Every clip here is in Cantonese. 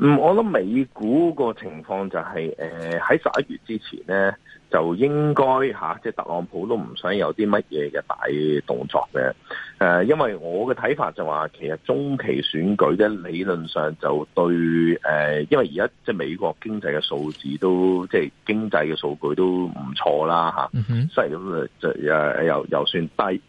嗯，我諗美股個情況就係，誒喺十一月之前咧就應該吓，即係特朗普都唔想有啲乜嘢嘅大動作嘅。誒，因為我嘅睇法就話，其實中期選舉咧，理論上就對誒，因為而家即係美國經濟嘅數字都即係經濟嘅數據都唔錯啦吓，雖然咁就誒又又算低，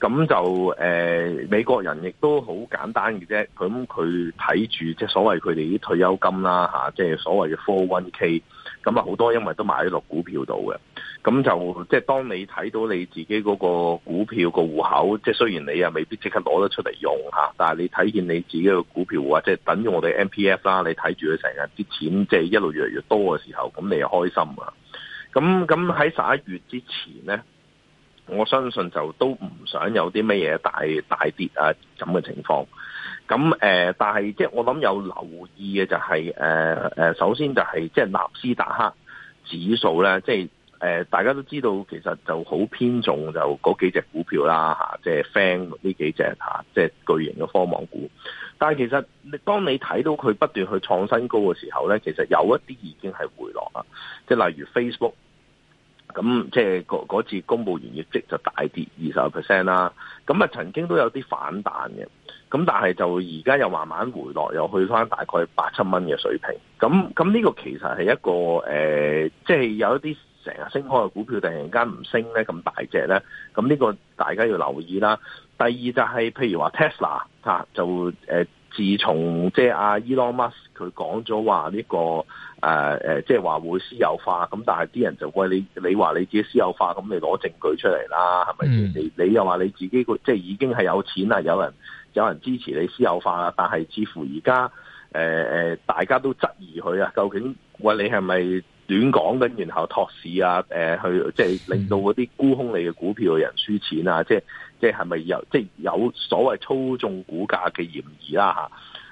咁就誒美國人亦都好簡單嘅啫，咁佢睇住即係所謂佢哋啲退休金啦吓，即係所謂嘅 four one k，咁啊好多因為都買咗落股票度嘅。咁就即係當你睇到你自己嗰個股票個戶口，即係雖然你又未必即刻攞得出嚟用吓，但係你睇見你自己嘅股票啊，即係等於我哋 MPF 啦，你睇住佢成日啲錢，即係一路越嚟越多嘅時候，咁你又開心啊！咁咁喺十一月之前咧，我相信就都唔想有啲咩嘢大大跌啊咁嘅情況。咁誒、呃，但係即係我諗有留意嘅就係誒誒，首先就係、是、即係納斯達克指數咧，即係。大家都知道，其實就好偏重就嗰幾隻股票啦，即係 FANG 呢幾隻即係、就是、巨型嘅科網股。但係其實當你睇到佢不斷去創新高嘅時候咧，其實有一啲已經係回落啦，即係例如 Facebook，咁即係嗰次公布完業績就大跌二十 percent 啦。咁啊曾經都有啲反彈嘅，咁但係就而家又慢慢回落，又去返大概八七蚊嘅水平。咁咁呢個其實係一個即係、呃就是、有一啲。成日升開嘅股票突然間唔升咧，咁大隻咧，咁呢個大家要留意啦。第二就係、是、譬如話 Tesla、啊、就、呃、自從即係阿 Elon Musk 佢講咗話呢個即係話會私有化，咁但係啲人就話你你話你自己私有化，咁你攞證據出嚟啦，係咪先？你、mm. 你又話你自己即係、就是、已經係有錢啦，有人有人支持你私有化啦，但係似乎而家誒大家都質疑佢啊，究竟喂、呃、你係咪？亂講跟然後托市啊，誒，去即係令到嗰啲沽空你嘅股票嘅人輸錢啊，即係即係係咪有即係有所謂操縱股價嘅嫌疑啦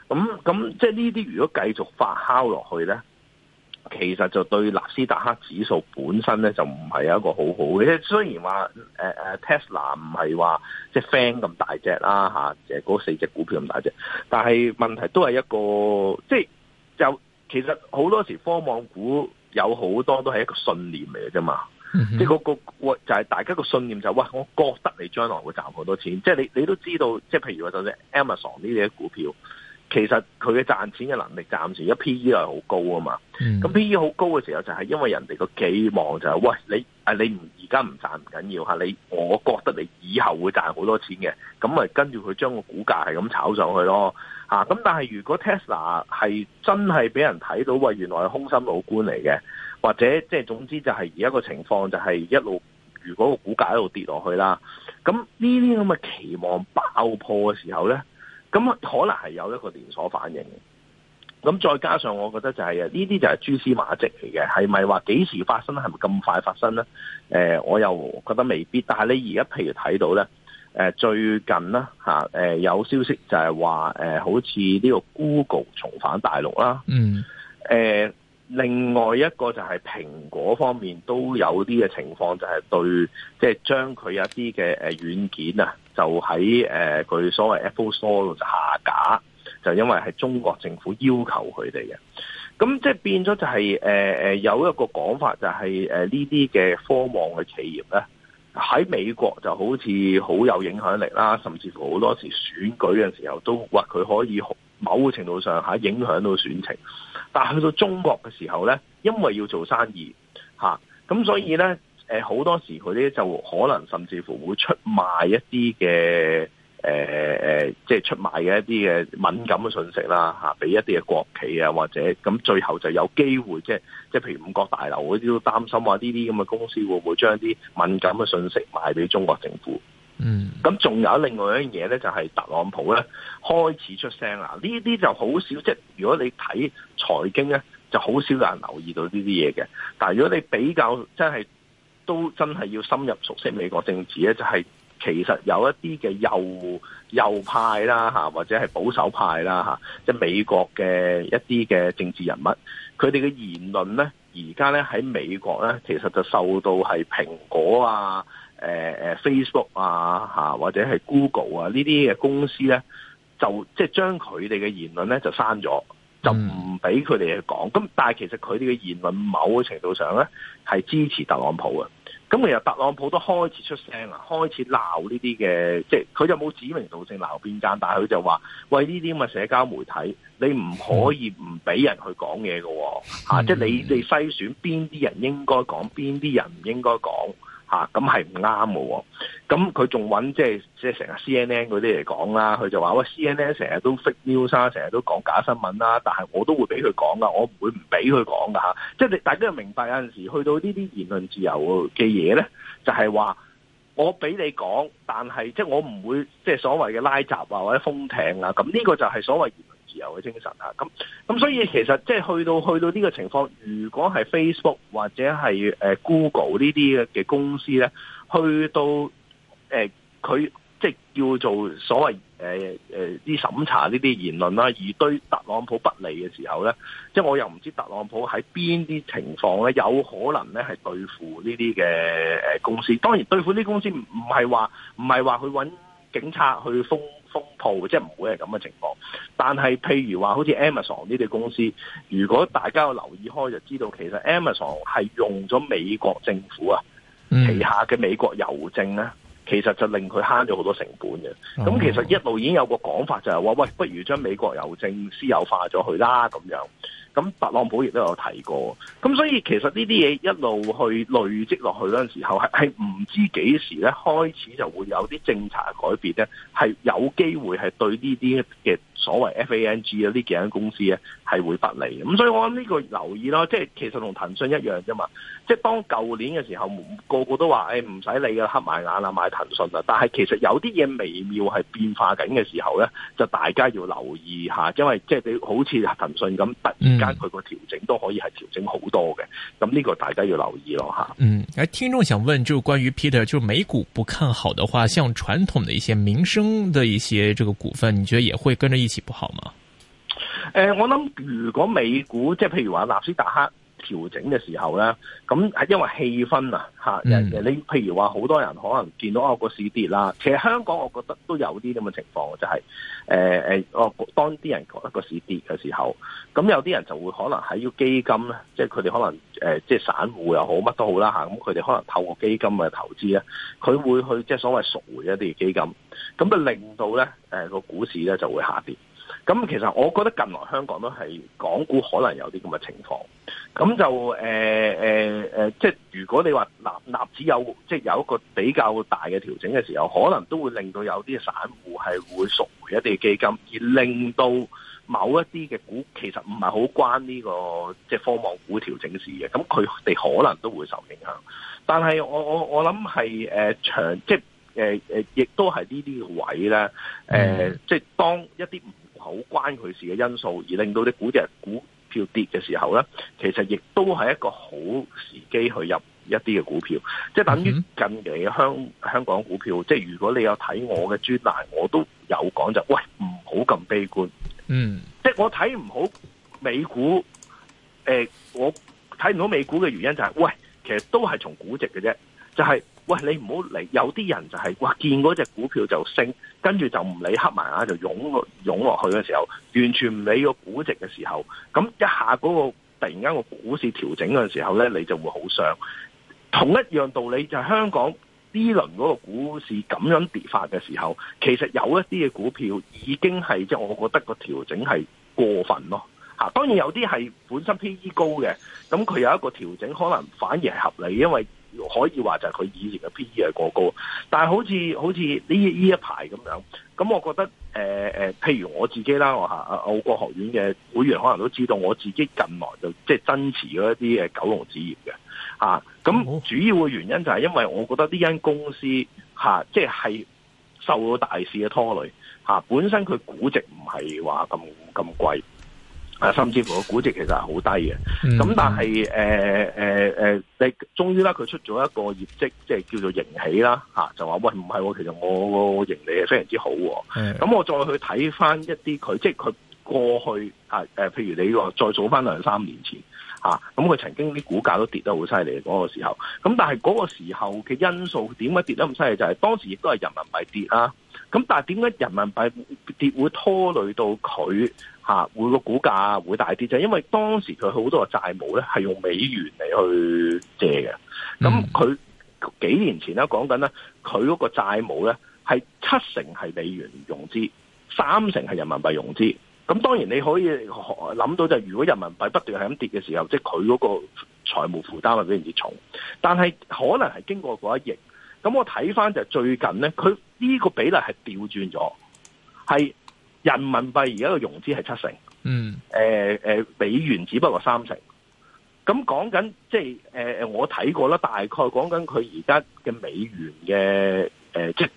吓？咁咁即係呢啲如果繼續發酵落去咧，其實就對納斯達克指數本身咧就唔係有一個好好嘅。雖然話誒誒 Tesla 唔係話即係 friend 咁大隻啦吓，就嗰四隻股票咁大隻，但係問題都係一個即係就其實好多時科網股。有好多都係一個信念嚟嘅啫嘛，即係嗰個就係、是、大家個信念就係、是、喂，我覺得你將來會賺好多錢。即係你你都知道，即係譬如話，就係 Amazon 呢啲股票，其實佢嘅賺錢嘅能力暫時 PE，因為 P E 係好高啊嘛。咁 P E 好高嘅時候，就係因為人哋個寄望就係、是、喂你，你唔而家唔賺唔緊要嚇，你我覺得你以後會賺好多錢嘅，咁咪跟住佢將個股價係咁炒上去咯。咁、啊、但係如果 Tesla 係真係俾人睇到，喂，原來係空心老官嚟嘅，或者即係、就是、總之就係而家個情況就係一路，如果個股價一路跌落去啦，咁呢啲咁嘅期望爆破嘅時候咧，咁可能係有一個連鎖反應。咁再加上我覺得就係、是、啊，呢啲就係蛛絲馬跡嚟嘅，係咪話幾時發生？係咪咁快發生咧、呃？我又覺得未必。但係你而家譬如睇到咧。誒，最近啦吓，誒、啊呃、有消息就係話，誒、呃、好似呢個 Google 重返大陸啦，嗯，誒、呃、另外一個就係蘋果方面都有啲嘅情況就是，就係對，即係將佢一啲嘅誒軟件啊，就喺誒佢所謂 Apple Store 度就下架，就因為係中國政府要求佢哋嘅，咁即係變咗就係、是，誒、呃、誒有一個講法就係、是，誒呢啲嘅科網嘅企業咧。喺美國就好似好有影響力啦，甚至乎好多時選舉嘅時候都，哇佢可以某個程度上吓影響到選情。但係去到中國嘅時候咧，因為要做生意吓，咁、啊、所以咧，誒好多時佢咧就可能甚至乎會出賣一啲嘅。誒、呃、誒，即係出賣嘅一啲嘅敏感嘅信息啦，嚇、啊，俾一啲嘅國企啊，或者咁，最後就有機會即係即係，譬如五角大樓嗰啲都擔心話，呢啲咁嘅公司會唔會將啲敏感嘅信息賣俾中國政府？嗯，咁仲有另外一樣嘢咧，就係、是、特朗普咧開始出聲啦。呢啲就好少，即係如果你睇財經咧，就好少有人留意到呢啲嘢嘅。但係如果你比較真係都真係要深入熟悉美國政治咧，就係、是。其實有一啲嘅右右派啦嚇，或者係保守派啦嚇，即係美國嘅一啲嘅政治人物，佢哋嘅言論咧，而家咧喺美國咧，其實就受到係蘋果啊、呃、Facebook 啊或者係 Google 啊呢啲嘅公司咧，就即係將佢哋嘅言論咧就刪咗，就唔俾佢哋去講。咁、嗯、但係其實佢哋嘅言論某個程度上咧，係支持特朗普嘅。咁其實特朗普都開始出聲啦，開始鬧呢啲嘅，即係佢就冇指名道姓鬧邊間，但係佢就話：喂，呢啲咁嘅社交媒體，你唔可以唔俾人去講嘢㗎喎。嗯啊，即係你哋篩選邊啲人應該講，邊啲人唔應該講。啊，咁係唔啱嘅喎，咁佢仲揾即係即係成日 C N N 嗰啲嚟講啦，佢就話喂 C N N 成日都 fake news 成日都講假新聞啦，啊，但係我都會俾佢講噶，我唔會唔俾佢講噶嚇，即係你大家要明白有陣時去到呢啲言論自由嘅嘢咧，就係、是、話我俾你講，但係即係我唔會即係所謂嘅拉閘啊或者封艇啊，咁呢個就係所謂。自由嘅精神啊，咁咁所以其實即係去到去到呢個情況，如果係 Facebook 或者係誒 Google 呢啲嘅公司咧，去到誒佢即係叫做所謂誒誒啲審查呢啲言論啦、啊，而對特朗普不利嘅時候咧，即、就、係、是、我又唔知特朗普喺邊啲情況咧，有可能咧係對付呢啲嘅誒公司。當然對付呢啲公司唔係話唔係話去揾警察去封。風暴即係唔會係咁嘅情況，但係譬如話好似 Amazon 呢啲公司，如果大家有留意開就知道，其實 Amazon 係用咗美國政府啊旗下嘅美國郵政咧，其實就令佢慳咗好多成本嘅。咁其實一路已經有個講法就係話，喂，不如將美國郵政私有化咗佢啦，咁樣。咁特朗普亦都有提過，咁所以其實呢啲嘢一路去累積落去嗰陣時候，係係唔知幾時咧開始就會有啲政策改變咧，係有機會係對呢啲嘅所謂 FANG 啊呢幾間公司咧係會不利嘅。咁所以我諗呢個留意咯，即係其實同騰訊一樣啫嘛。即係當舊年嘅時候，個個都話誒唔使理嘅，黑埋眼啦買騰訊啊，但係其實有啲嘢微妙係變化緊嘅時候咧，就大家要留意下，因為即係你好似騰訊咁突。間佢個調整都可以係調整好多嘅，咁呢個大家要留意咯吓。嗯，誒，聽眾想問就關於 Peter，就美股不看好的話，像傳統的一些民生的一些這個股份，你覺得也會跟着一起不好嗎？誒、呃，我諗如果美股即係譬如話納斯達克。調整嘅時候咧，咁係因為氣氛啊，嚇、嗯、人，你譬如話好多人可能見到啊個市跌啦，其實香港我覺得都有啲咁嘅情況，就係誒誒，我當啲人覺得個市跌嘅時候，咁有啲人就會可能喺要基金咧，即係佢哋可能誒，即係散戶又好，乜都好啦嚇，咁佢哋可能透過基金嘅投資咧，佢會去即係所謂贖回一啲基金，咁就令到咧誒個股市咧就會下跌。咁其實我覺得近來香港都係港股可能有啲咁嘅情況。咁就誒誒、呃呃、即係如果你話納指有即係有一個比較大嘅調整嘅時候，可能都會令到有啲散戶係會贖回一啲基金，而令到某一啲嘅股其實唔係好關呢、這個即係科網股調整事嘅，咁佢哋可能都會受影響。但係我我我諗係長即係亦都係呢啲位咧。即係、呃呃呃、當一啲唔好關佢事嘅因素，而令到啲股隻股。票跌嘅時候咧，其實亦都係一個好時機去入一啲嘅股票，即係等於近期香香港股票，即係如果你有睇我嘅專欄，我都有講就，喂，唔好咁悲觀，嗯，即係我睇唔好美股，誒，我睇唔到美股嘅原因就係，喂，其實都係從估值嘅啫，就係。喂，你唔好嚟。有啲人就係、是、哇，見嗰隻股票就升，跟住就唔理黑埋眼就湧落湧落去嘅時候，完全唔理個估值嘅時候，咁一下嗰、那個突然間個股市調整嘅時候咧，你就會好傷。同一樣道理就係香港呢輪嗰個股市咁樣跌法嘅時候，其實有一啲嘅股票已經係即係我覺得個調整係過分咯。吓，當然有啲係本身 PE 高嘅，咁佢有一個調整可能反而係合理，因為。可以話就係佢以前嘅 P/E 係過高，但係好似好似呢呢一排咁樣，咁我覺得誒誒、呃，譬如我自己啦，我嚇澳國學院嘅會員可能都知道，我自己近來就即係、就是、增持咗一啲嘅玖龍紙業嘅嚇，咁、啊、主要嘅原因就係因為我覺得呢間公司嚇即係受到大市嘅拖累嚇、啊，本身佢估值唔係話咁咁貴。啊，甚至乎個估值其實係好低嘅，咁、嗯、但係誒誒誒，你終於啦，佢、呃呃、出咗一個業績，即係叫做盈起啦、啊，就話喂，唔係、啊，其實我個盈利係非常之好、啊，咁、嗯、我再去睇翻一啲佢，即係佢過去啊譬如你、這、話、個、再數翻兩三年前咁佢、啊、曾經啲股價都跌得好犀利嗰個時候，咁但係嗰個時候嘅因素點解跌得咁犀利？就係、是、當時亦都係人民幣跌啦、啊。咁但係點解人民幣跌會拖累到佢？吓，會個股價會大跌，就因為當時佢好多債務咧係用美元嚟去借嘅。咁、嗯、佢幾年前咧講緊咧，佢嗰個債務咧係七成係美元融資，三成係人民幣融資。咁當然你可以諗到、就是，就如果人民幣不斷係咁跌嘅時候，即係佢嗰個財務負擔會變啲重。但係可能係經過嗰一役。咁我睇翻就最近咧，佢呢個比例係調轉咗，係。人民幣而家嘅融資係七成，嗯，誒、呃、誒、呃、美元只不過三成，咁講緊即係誒誒我睇過啦，大概講緊佢而家嘅美元嘅誒、呃、即係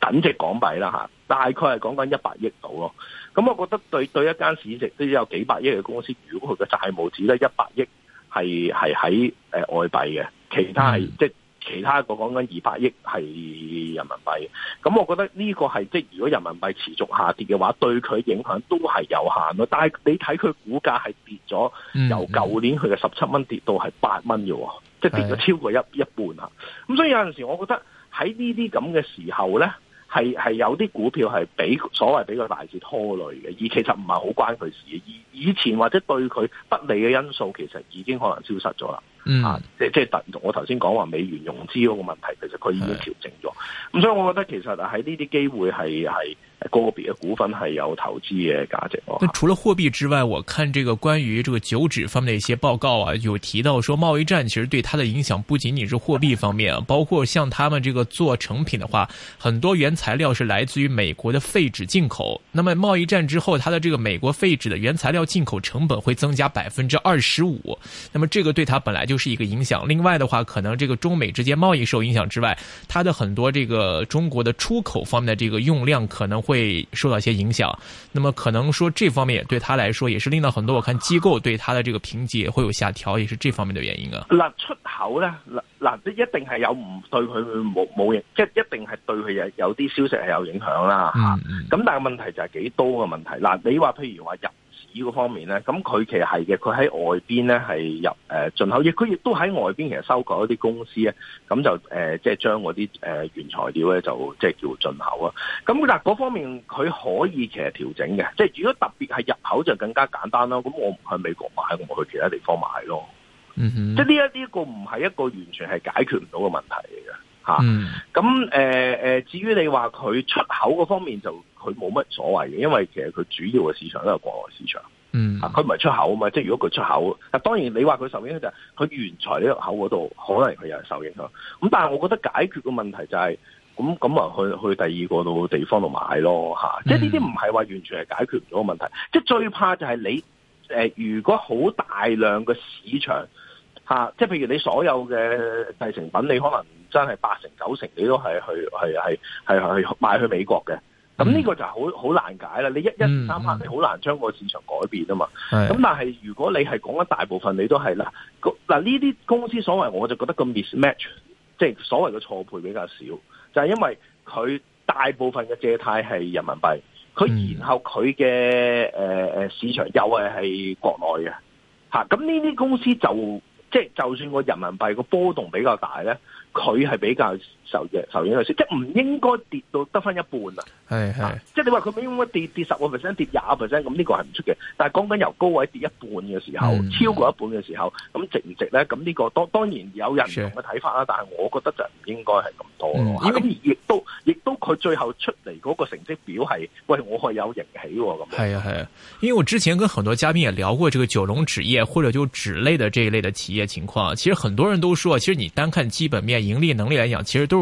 等值港幣啦嚇，大概係講緊一百億到咯，咁我覺得對對一間市值都有幾百億嘅公司，如果佢嘅債務只得一百億係，係係喺誒外幣嘅，其他係、嗯、即係。其他個講緊二百億係人民幣，咁我覺得呢個係即係如果人民幣持續下跌嘅話，對佢影響都係有限咯。但係你睇佢股價係跌咗，由舊年佢嘅十七蚊跌到係八蚊嘅，即係跌咗超過一一半啊！咁所以有陣時，我覺得喺呢啲咁嘅時候咧，係係有啲股票係俾所謂俾佢大市拖累嘅，而其實唔係好關佢事嘅。以以前或者對佢不利嘅因素，其實已經可能消失咗啦。嗯，啊，即即係同我頭先講話美元融資嗰個問題，其實佢已經調整咗。咁所以我覺得其實喺呢啲機會係係個別嘅股份係有投資嘅價值。那除了貨幣之外，我看這個關於這個玖紙方面的一些報告啊，有提到說貿易戰其實對它的影響不僅僅是貨幣方面，包括像他們這個做成品的話，很多原材料是來自於美國的廢紙進口。那麼貿易戰之後，它的這個美國廢紙的原材料進口成本會增加百分之二十五。那麼這個對它本來就就是一個影響。另外的話，可能這個中美之間貿易受影響之外，它的很多這個中國的出口方面的這個用量可能會受到一些影響。那麼可能說這方面對他來說也是令到很多我看機構對他的這個評級也會有下調，也是這方面的原因啊。那出口呢，嗱嗱一定係有唔對佢冇冇影，即一定係對佢有有啲消息係有影響啦。吓、嗯嗯，咁但係問題就係幾多嘅問題。嗱，你話譬如話入。呢、這個方面咧，咁佢其實係嘅，佢喺外邊咧係入、呃、進口亦佢亦都喺外邊其實收購一啲公司呢，咁就、呃、即係將嗰啲原材料咧就即係叫進口啊。咁但係嗰方面佢可以其實調整嘅，即係如果特別係入口就更加簡單咯。咁我唔去美國買，我去其他地方買咯。Mm -hmm. 即係呢一呢個唔係一個完全係解決唔到嘅問題嚟嘅嚇。咁誒至於你話佢出口嗰方面就。佢冇乜所謂嘅，因為其實佢主要嘅市場都係國內市場，嗯，佢唔係出口啊嘛，即係如果佢出口，嗱、啊、當然你話佢受影響就係佢原材料入口嗰度可能佢有受影響，咁、嗯、但係我覺得解決嘅問題就係咁咁啊去去第二個度地方度買咯吓、啊，即係呢啲唔係話完全係解決唔到嘅問題，嗯、即係最怕就係你誒、呃，如果好大量嘅市場吓、啊，即係譬如你所有嘅製成品，你可能真係八成九成你都係去係係係係賣去美國嘅。咁、嗯、呢、嗯這個就好好難解啦！你一一,一,一,一三萬、嗯，你好難將個市場改變啊嘛。咁但係如果你係講緊大部分，你都係啦。嗱呢啲公司所謂我就覺得個 mismatch，即係所謂嘅錯配比較少，就係、是、因為佢大部分嘅借貸係人民幣，佢然後佢嘅、呃、市場又係係國內嘅嚇。咁呢啲公司就即係、就是、就算個人民幣個波動比較大咧，佢係比較。受嘅受影即係唔應該跌到得返一半啊！係係、啊，即係你話佢唔應該跌跌十個 percent，跌廿個 percent，咁呢個係唔出嘅。但係講緊由高位跌一半嘅時候，嗯、超過一半嘅時候，咁值唔值咧？咁、這、呢個當當然有人唔同嘅睇法啦。是但係我覺得就唔應該係咁多咯、啊。咁、嗯、亦、啊、都亦都佢最後出嚟嗰個成績表係，喂，我係有盈起喎、啊、咁。係啊係啊，因為我之前跟很多嘉賓也聊過，這個玖龍紙業或者就紙類的這一類的企業情況，其實很多人都說，其實你單看基本面盈利能力嚟講，其實都。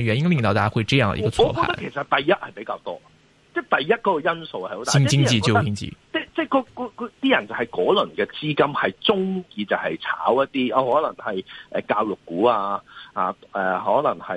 原因令到大家會這樣一個錯判，我覺得其實第一係比較多，即係第一嗰個因素係好大。新經濟就經濟，即即係啲人就係嗰輪嘅資金係中意就係炒一啲哦，可能係誒教育股啊啊誒、呃，可能係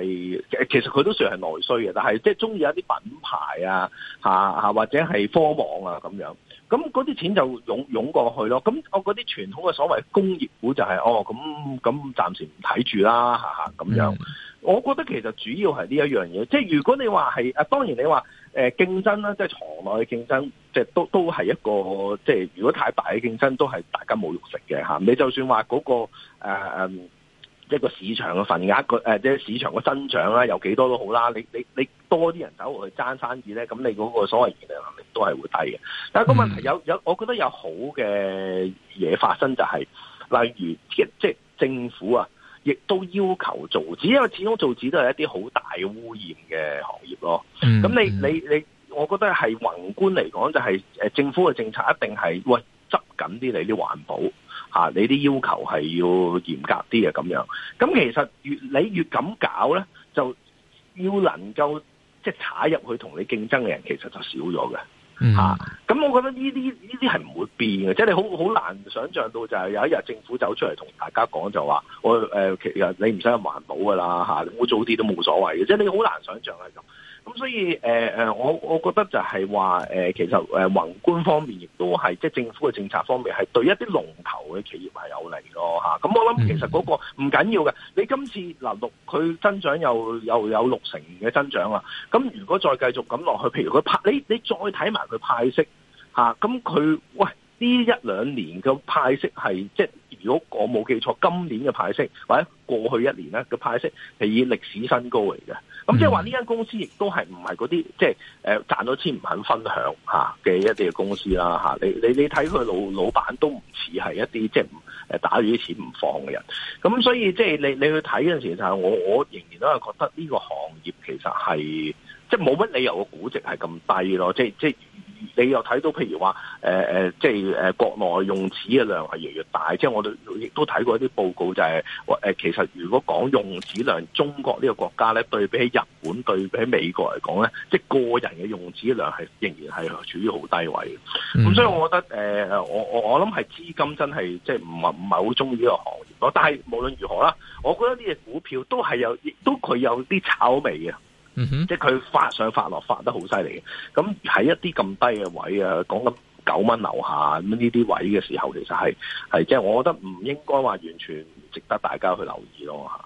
其實佢都算係內需嘅，但係即係中意一啲品牌啊吓吓、啊，或者係科網啊咁樣，咁嗰啲錢就湧湧過去咯。咁我嗰啲傳統嘅所謂工業股就係、是、哦咁咁暫時唔睇住啦吓吓咁樣。嗯我覺得其實主要係呢一樣嘢，即係如果你話係啊，當然你話誒競爭啦，即係場內嘅競爭，即係都都係一個即係如果太大嘅競爭，都係大家冇肉食嘅嚇、啊。你就算話嗰、那個誒、呃、一個市場嘅份額個誒即係市場嘅增長啦，有幾多少都好啦。你你你多啲人走落去爭生意咧，咁你嗰個所謂盈利能力都係會低嘅。但係個問題有有、嗯，我覺得有好嘅嘢發生就係、是，例如即即政府啊。亦都要求造紙，因為始終造紙都係一啲好大嘅污染嘅行業咯。咁、mm -hmm. 你你你，我覺得係宏觀嚟講，就係、誒、政府嘅政策一定係喂執緊啲你啲環保、啊、你啲要求係要嚴格啲嘅咁樣。咁其實越你越咁搞咧，就要能夠即係踩入去同你競爭嘅人，其實就少咗嘅。吓，咁、 啊、我覺得呢啲呢啲係唔會變嘅，即係你好好難想象到就係有一日政府走出嚟同大家講就話，我誒其實你唔使咁環保噶啦吓，污糟啲都冇所謂嘅，即係你好難想象係咁。咁所以誒、呃、我我覺得就係話誒，其實誒、呃、宏觀方面亦都係即係政府嘅政策方面，係對一啲龍頭嘅企業係有利咯嚇。咁、啊、我諗其實嗰個唔緊要嘅，你今次嗱六佢增長又又有，有六成嘅增長啦。咁如果再繼續咁落去，譬如佢派你你再睇埋佢派息嚇，咁、啊、佢喂。呢一兩年嘅派息係，即係如果我冇記錯，今年嘅派息或者過去一年咧嘅派息係以歷史新高嚟嘅。咁即係話呢間公司亦都係唔係嗰啲即係誒賺到錢唔肯分享嚇嘅一啲嘅公司啦嚇。你你你睇佢老老闆都唔似係一啲即係誒打住啲錢唔放嘅人。咁所以即係你你去睇嗰陣時就係，我我仍然都係覺得呢個行業其實係即係冇乜理由個估值係咁低咯。即即。你又睇到譬如話，誒即係誒國內用紙嘅量係越嚟越大，即係我哋亦都睇過一啲報告，就是，就係其實如果講用紙量，中國呢個國家咧對比起日本對比美國嚟講咧，即係個人嘅用紙量係仍然係處於好低位咁，嗯、所以我覺得誒、呃，我我我諗係資金真係即係唔係唔係好中意呢個行業咯。但係無論如何啦，我覺得呢隻股票都係有，亦都佢有啲炒味嘅。嗯哼，即係佢發上發落發得好犀利嘅，咁喺一啲咁低嘅位啊，講緊九蚊樓下咁呢啲位嘅時候，其實係係即係，是就是我覺得唔應該話完全唔值得大家去留意咯吓。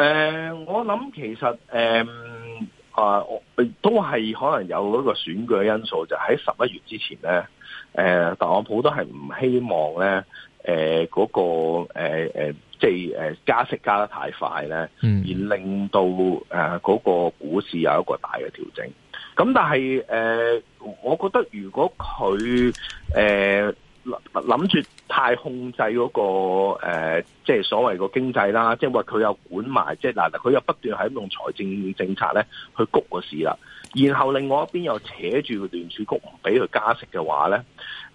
誒、呃，我諗其實誒、呃，啊，都係可能有嗰個選舉嘅因素，就喺十一月之前咧。誒、呃，特朗普都係唔希望咧，誒、呃，嗰、那個誒誒、呃，即係誒加息加得太快咧，而令到誒嗰、呃那個股市有一個大嘅調整。咁但係誒、呃，我覺得如果佢誒諗住太控制嗰、那個誒。呃即係所謂個經濟啦，即係話佢又管埋，即係嗱嗱，佢又不斷喺用財政政策咧去谷個市啦。然後另外一邊又扯住聯儲局唔俾佢加息嘅話咧，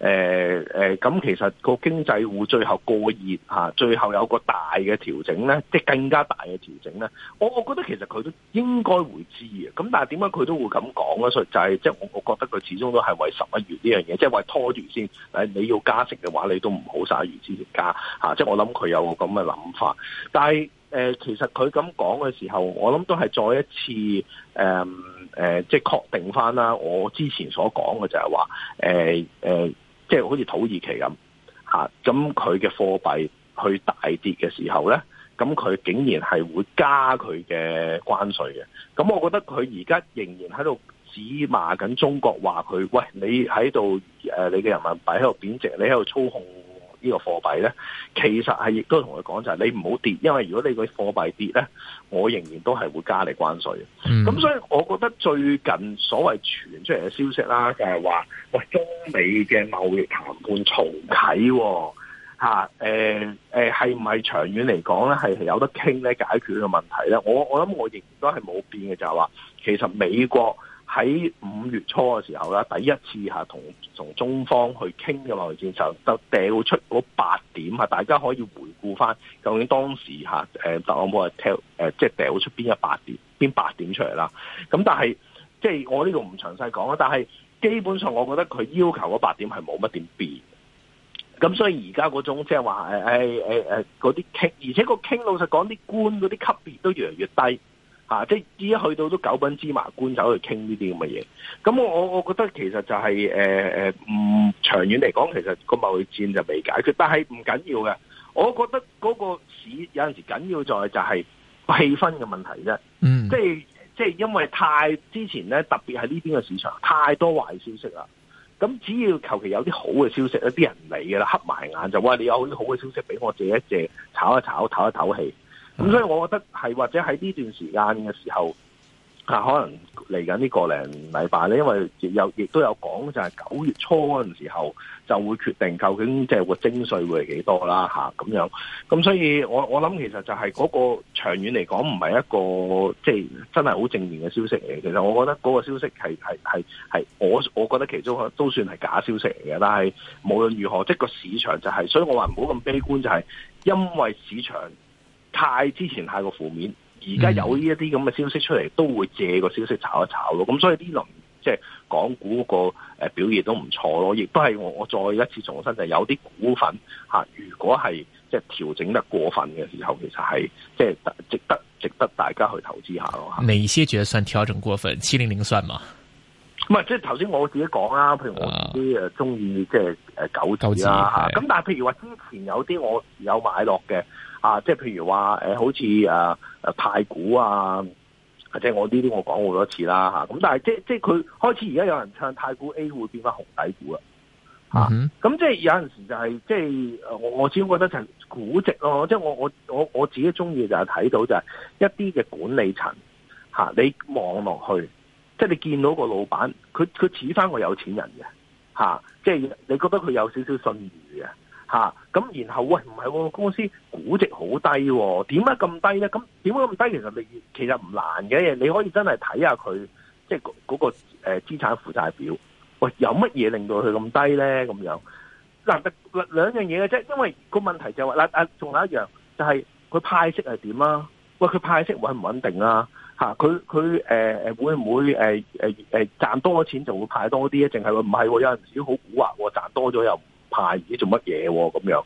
咁、欸欸、其實個經濟會最後過熱、啊、最後有個大嘅調整咧，即係更加大嘅調整咧。我覺得其實佢都應該會知嘅。咁但係點解佢都會咁講咧？所以就係即係我覺得佢始終都係為十一月呢樣嘢，即係話拖住先。你要加息嘅話，你都唔好曬十一月之前加嚇、啊。即我諗佢有。咁嘅諗法，但係、呃、其實佢咁講嘅時候，我諗都係再一次、嗯呃、即係確定翻啦。我之前所講嘅就係話、呃呃、即係好似土耳其咁吓，咁佢嘅貨幣去大跌嘅時候咧，咁、嗯、佢竟然係會加佢嘅關稅嘅。咁、嗯、我覺得佢而家仍然喺度指罵緊中國，話佢喂，你喺度你嘅人民幣喺度貶值，你喺度操控。這個、貨幣呢個貨幣咧，其實係亦都同佢講就係你唔好跌，因為如果你個貨幣跌咧，我仍然都係會加你關稅。咁、嗯、所以，我覺得最近所謂傳出嚟嘅消息啦，就係話喂，中美嘅貿易談判重啟、哦，嚇、啊，誒、呃、誒，係唔係長遠嚟講咧係有得傾咧解決呢個問題咧？我我諗我仍然都係冇變嘅，就係、是、話其實美國。喺五月初嘅時候啦，第一次嚇同同中方去傾嘅貿易戰時就掉出嗰八點啊，大家可以回顧翻究竟當時嚇誒、就是，但我冇話 t 即係掉出邊一八點邊八點出嚟啦。咁但係即係我呢度唔詳細講啦。但係基本上，我覺得佢要求嗰八點係冇乜點變。咁所以而家嗰種即係話誒誒誒誒嗰啲傾，而且那個傾老實講，啲官嗰啲級別都越嚟越低。啊！即係至一去到都九品芝麻官走去傾呢啲咁嘅嘢，咁我我覺得其實就係誒唔長遠嚟講，其實個貿易戰就未解決，但係唔緊要嘅。我覺得嗰個市有陣時緊要在就係氣氛嘅問題啫、嗯。即係即係因為太之前咧，特別係呢邊嘅市場太多壞消息啦。咁只要求其有啲好嘅消息有啲人唔理嘅啦，黑埋眼就話你有好多好嘅消息俾我借一借，炒一炒，唞一唞氣。咁、嗯、所以，我覺得係或者喺呢段時間嘅時候，啊、可能嚟緊呢個零禮拜咧，因為亦有亦都有講就係九月初嗰陣時候就會決定究竟即係個徵稅會係幾多啦吓，咁、啊、樣。咁所以我，我我諗其實就係嗰個長遠嚟講，唔係一個即係、就是、真係好正面嘅消息嚟嘅。其實我覺得嗰個消息係係係係我我覺得其中都算係假消息嚟嘅。但係無論如何，即係個市場就係、是，所以我話唔好咁悲觀就係因為市場。太之前太過負面，而家有呢一啲咁嘅消息出嚟，都會借個消息炒一炒咯。咁所以呢輪即係港股個誒表現都唔錯咯，亦都係我我再一次重申，就係有啲股份吓，如果係即係調整得過分嘅時候，其實係即係值得值得大家去投資下咯。哪些就算調整過分？七零零算嘛？唔係，即係頭先我自己講啦，譬如我啲誒中意即係誒九九二咁，但係譬如話之前有啲我有買落嘅。啊，即係譬如話誒、呃，好似誒誒，太古啊，即係我呢啲我講好多次啦，吓。咁、啊、但係即係即係佢開始而家有人唱太古 A 會變翻紅底股啦、嗯。啊，咁即係有陣時就係即係我我始終覺得就係估值咯，即係我我我我自己中意就係睇到就係一啲嘅管理層吓、啊，你望落去，即係你見到個老闆，佢佢似翻個有錢人嘅吓、啊，即係你覺得佢有少少信譽嘅。吓、啊、咁然後喂唔係我公司估值好低喎、哦，點解咁低咧？咁點解咁低？其實你其實唔難嘅嘢，你可以真係睇下佢即係嗰個、那個誒、呃、資產負債表，喂有乜嘢令到佢咁低咧？咁樣嗱兩樣嘢嘅啫，因為個問題就係話嗱啊，仲有一樣就係、是、佢派息係點啊？喂，佢派息穩唔穩定啊？吓、啊，佢佢誒誒會唔會誒誒誒賺多咗錢就會派多啲咧？淨係話唔係，有陣時好蠱惑，賺多咗又。派而做乜嘢咁樣？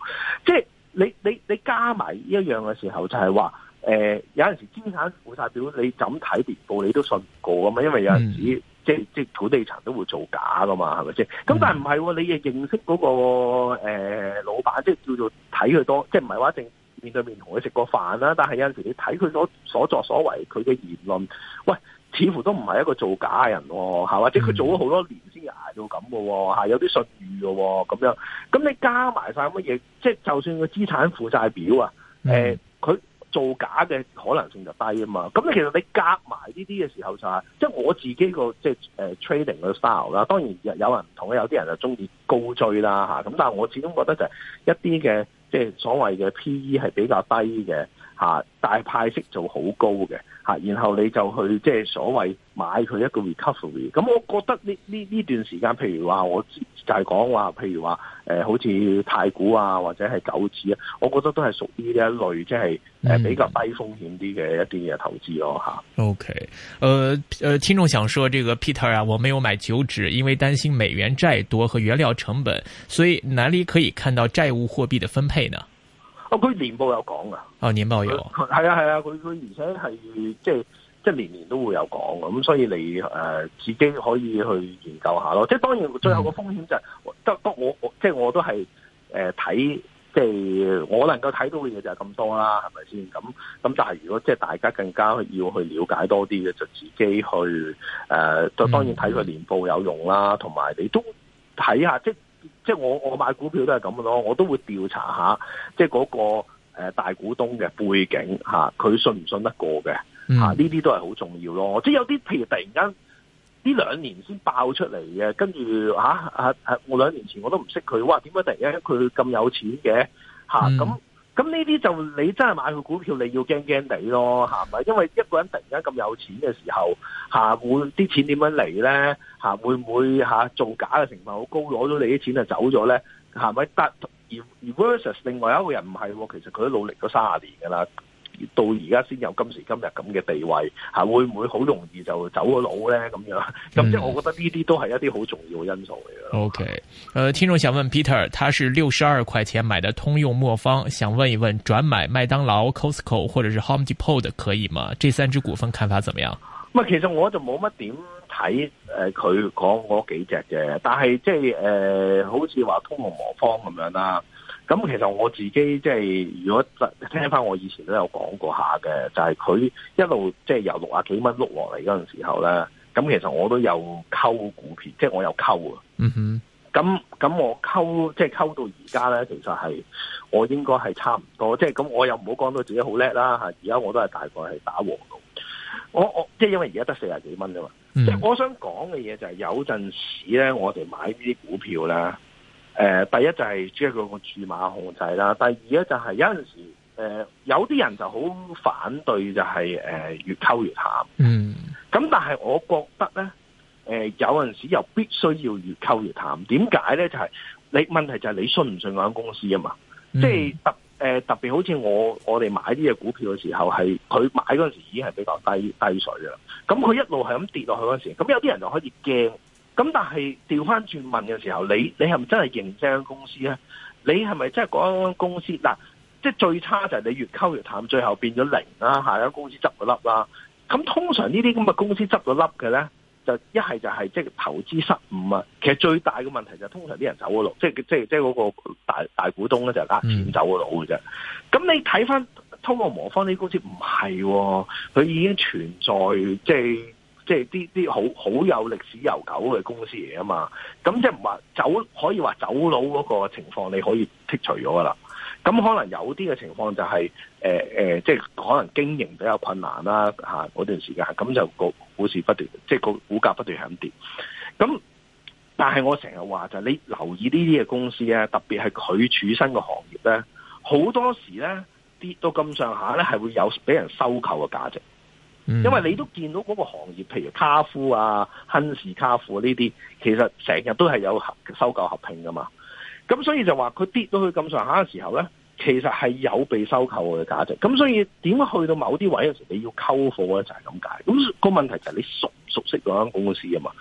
即係你你你加埋呢一樣嘅時候就，就係話誒，有陣時資產負債表你怎睇年報，你都信唔過㗎嘛。因為有陣時、嗯、即即係土地層都會造假噶嘛，係咪先？咁但係唔係你誒認識嗰、嗰個誒、呃、老闆，即係叫做睇佢多，即係唔係話一定面對面同佢食過飯啦。但係有陣時你睇佢所所作所為，佢嘅言論，喂。似乎都唔係一個做假嘅人喎，或者佢做咗好多年先捱到咁嘅喎，有啲信譽嘅喎，咁樣咁你加埋晒乜嘢，即係就算個資產負債表啊，佢、嗯呃、做假嘅可能性就低啊嘛。咁你其實你夾埋呢啲嘅時候就係、是，即係我自己個即係、uh, trading 嘅 style 啦。當然有人唔同嘅，有啲人就中意高追啦嚇。咁但係我始終覺得就係一啲嘅即係所謂嘅 PE 係比較低嘅、啊、大但派息就好高嘅，嚇，然後你就去即係、就是、所謂買佢一個 recovery。咁我覺得呢呢呢段時間，譬如話我就係講話，譬如話、呃、好似太古啊，或者係玖紙啊，我覺得都係屬於呢一類，即、就、係、是呃、比較低風險啲嘅一啲嘅投資咯吓 OK，呃呃，聽眾想說，這個 Peter 啊，我沒有買玖紙，因為擔心美元債多和原料成本，所以哪裡可以看到債務貨幣的分配呢？佢、哦、年報有講噶。哦，年報有。係啊係啊，佢佢而且係即係即係年年都會有講，咁所以你誒、呃、自己可以去研究下咯。即係當然最後個風險就係，得、嗯、我，我即係我都係誒睇，即係我能夠睇到嘅嘢就係咁多啦，係咪先？咁咁但係如果即係大家更加要去了解多啲嘅，就自己去誒、呃，當然睇佢年報有用啦，同、嗯、埋你都睇下即。即係我我買股票都係咁咯，我都會調查下，即係、那、嗰個誒、呃、大股東嘅背景吓，佢、啊、信唔信得過嘅，吓呢啲都係好重要咯。即係有啲譬如突然間呢兩年先爆出嚟嘅，跟住吓啊！我兩年前我都唔識佢，哇！點解突然間佢咁有錢嘅吓咁？啊啊嗯咁呢啲就你真係買個股票，你要驚驚地咯，係咪？因為一個人突然間咁有錢嘅時候，嚇，會啲錢點樣嚟咧？嚇，會唔、啊、會嚇、啊、做假嘅成分好高，攞咗你啲錢就走咗咧？係咪？但而而 versus 另外一個人唔係，其實佢都努力咗卅年㗎啦。到而家先有今時今日咁嘅地位，嚇，會唔會好容易就走咗佬咧？咁樣咁即係我覺得呢啲都係一啲好重要嘅因素嚟嘅。OK，誒、呃，聽眾想問 Peter，他是六十二塊錢買的通用磨方，想問一問轉買麥當勞、Costco 或者是 Home Depot 的可以嗎？這三隻股份看法怎麼樣？咁啊，其實我就冇乜點睇誒佢講嗰幾隻嘅，但係即係誒好似話通用磨方咁樣啦。咁其實我自己即係如果聽翻我以前都有講過下嘅，就係佢一路即係由六啊幾蚊碌落嚟嗰陣時候咧，咁其實我都有溝股票，即係我有溝啊。嗯哼。咁咁我溝即係溝到而家咧，其實係我應該係差唔多，即係咁我又唔好講到自己好叻啦嚇。而家我都係大概係打和度。我我即係因為而家得四啊幾蚊啊嘛。嗯。即係我想講嘅嘢就係有陣時咧，我哋買呢啲股票咧。誒、呃，第一就係即係佢個注碼控制啦，第二咧就係有陣時，誒、呃、有啲人就好反對就係、是、誒、呃、越溝越淡，嗯，咁但係我覺得咧，誒、呃、有陣時又必須要越溝越淡，點解咧？就係、是、你問題就係你信唔信嗰間公司啊嘛，即、嗯、係、就是、特誒、呃、特別好似我我哋買啲嘅股票嘅時，時，時候，係佢買嗰陣時已經係比較低低水啦，咁佢一路係咁跌落去嗰陣時，咁有啲人就可以驚。咁但係調翻轉問嘅時候，你你係咪真係認真間公司咧？你係咪真係嗰間公司？嗱，即係最差就係你越溝越淡，最後變咗零啦，下一間公司執咗笠啦。咁通常呢啲咁嘅公司執咗笠嘅咧，就一係就係即係投資失誤啊。其實最大嘅問題就係通常啲人走咗路，即係即係即係嗰個大大股東咧就係呃錢走咗佬嘅啫。咁、嗯、你睇翻通過魔方呢啲公司唔係，佢、哦、已經存在即係。即係啲啲好好有歷史悠久嘅公司嚟啊嘛，咁即係唔話走可以話走佬嗰個情況，你可以剔除咗噶啦。咁可能有啲嘅情況就係誒誒，即、呃、係、呃就是、可能經營比較困難啦嗰段時間，咁就個股市不斷即係個股價不斷響跌。咁但係我成日話就係你留意呢啲嘅公司咧，特別係佢處身嘅行業咧，好多時咧跌到咁上下咧，係會有俾人收購嘅價值。因為你都見到嗰個行業，譬如卡夫啊、亨氏卡夫呢啲，其實成日都係有收購合併噶嘛。咁所以就話佢跌到去咁上下嘅時候咧，其實係有被收購嘅價值。咁所以點去到某啲位嘅時候，你要溝貨咧就係咁解。咁個問題就係你熟唔熟悉嗰間公司啊嘛。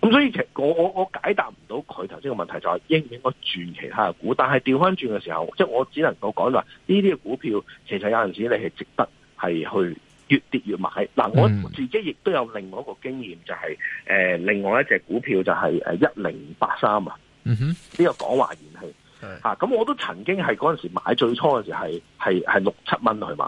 咁所以其實我我我解答唔到佢頭先嘅問題，就係應唔應該轉其他嘅股。但係調翻轉嘅時候，即係我只能夠講話呢啲嘅股票，其實有陣時你係值得係去。越跌越買嗱，我自己亦都有另外一個經驗、嗯，就係、是、誒，另外一隻股票就係誒一零八三啊，呢個港華燃氣吓，咁我都曾經係嗰陣時買，最初嗰陣時係係係六七蚊去買，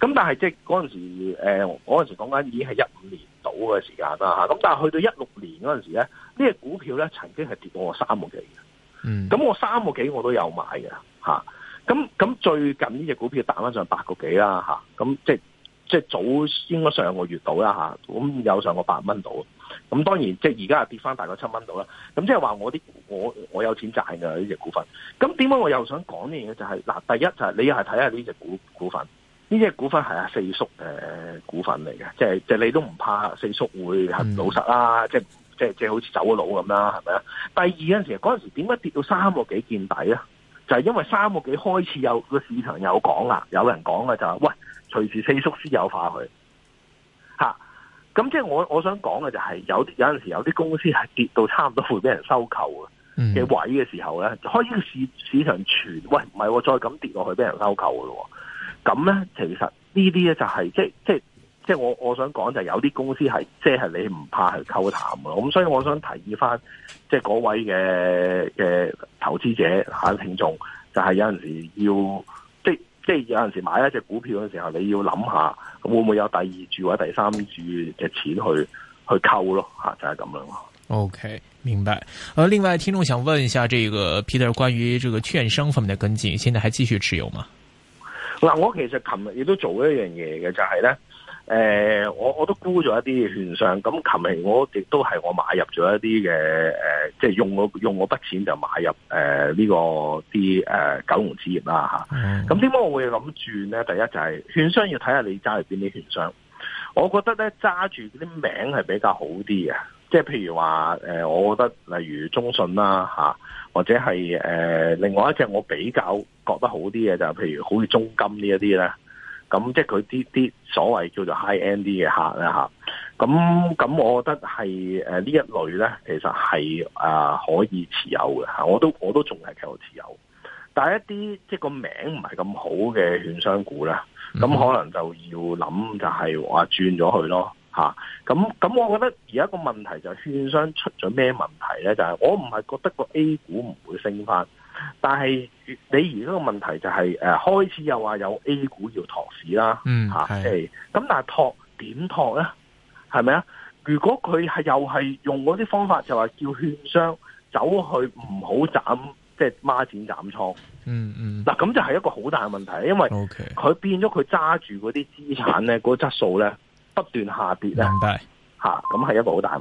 咁但係即係嗰陣時誒，我嗰陣時講緊已經係一五年到嘅時間啦吓，咁、啊、但係去到一六年嗰陣時咧，呢、這、隻、個、股票咧曾經係跌到我三個幾嘅，咁、嗯啊、我三個幾我都有買嘅吓，咁、啊、咁最近呢隻股票彈翻上八個幾啦吓，咁、啊啊、即係。即係早應該上個月度啦吓，咁、嗯、有上個八蚊度，咁當然即係而家跌翻大概七蚊度啦。咁即係話我啲我我有錢賺噶呢隻股份。咁點解我又想講呢樣嘢？就係、是、嗱，第一就係、是、你又係睇下呢隻股股份，呢隻股份係啊四叔嘅股份嚟嘅，即係即係你都唔怕四叔會老實啦，即係即係即係好似走佬咁啦，係咪啊？第二嗰、就、陣、是、時，嗰陣時點解跌到三個幾見底啊？就係、是、因為三個幾開始有個市場有講啦，有人講嘅就話喂。隨時四叔私有化去。咁、啊、即係我我想講嘅就係有有陣時有啲公司係跌到差唔多會俾人收購嘅位嘅時候咧、嗯，開呢個市市場傳喂唔係喎，再咁跌落去俾人收購嘅咯，咁咧其實呢啲咧就係、是、即即即我我想講就係有啲公司係即係你唔怕去溝談嘅，咁所以我想提議翻即係嗰位嘅嘅投資者下啲聽眾，就係、是、有陣時要。即係有陣時買一隻股票嘅時候，你要諗下，會唔會有第二注或者第三注嘅錢去去溝咯吓，就係、是、咁樣。OK，明白。呃，另外聽眾想問一下，這個 Peter 關於這個券商方面嘅跟進，現在還繼續持有嗎？嗱、啊，我其實琴日亦都做了一樣嘢嘅，就係、是、咧。誒、呃，我我都沽咗一啲券商，咁琴日我亦都係我買入咗一啲嘅誒，即、呃、係、就是、用我用我筆錢就買入誒呢、呃這個啲誒、呃、玖龍紙業啦吓。咁點解我會諗住咧？第一就係券商要睇下你揸住邊啲券商，我覺得咧揸住啲名係比較好啲嘅，即、就、係、是、譬如話誒、呃，我覺得例如中信啦吓、啊，或者係誒、呃、另外一隻我比較覺得好啲嘅就係、是、譬如好似中金呢一啲咧。咁即係佢啲啲所謂叫做 high end 嘅客啦吓，咁咁我覺得係誒呢一類咧，其實係啊、呃、可以持有嘅吓，我都我都仲係繼續持有，但係一啲即係個名唔係咁好嘅券商股咧，咁可能就要諗就係話轉咗佢咯吓，咁咁我覺得而家個問題就係券商出咗咩問題咧？就係、是、我唔係覺得個 A 股唔會升返。但係你而家個問題就係、是、誒、呃，開始又話有 A 股要托市啦，吓、嗯，咁、啊、但係托點托咧？係咪啊？如果佢係又係用嗰啲方法，就話、是、叫券商走去唔好斬，即、就、係、是、孖展斬倉。嗯嗯、嗱、啊，咁就係一個好大嘅問題，因為佢變咗佢揸住嗰啲資產咧，嗰、那個質素咧不斷下跌咧，吓，咁、啊、係一個好大嘅問題。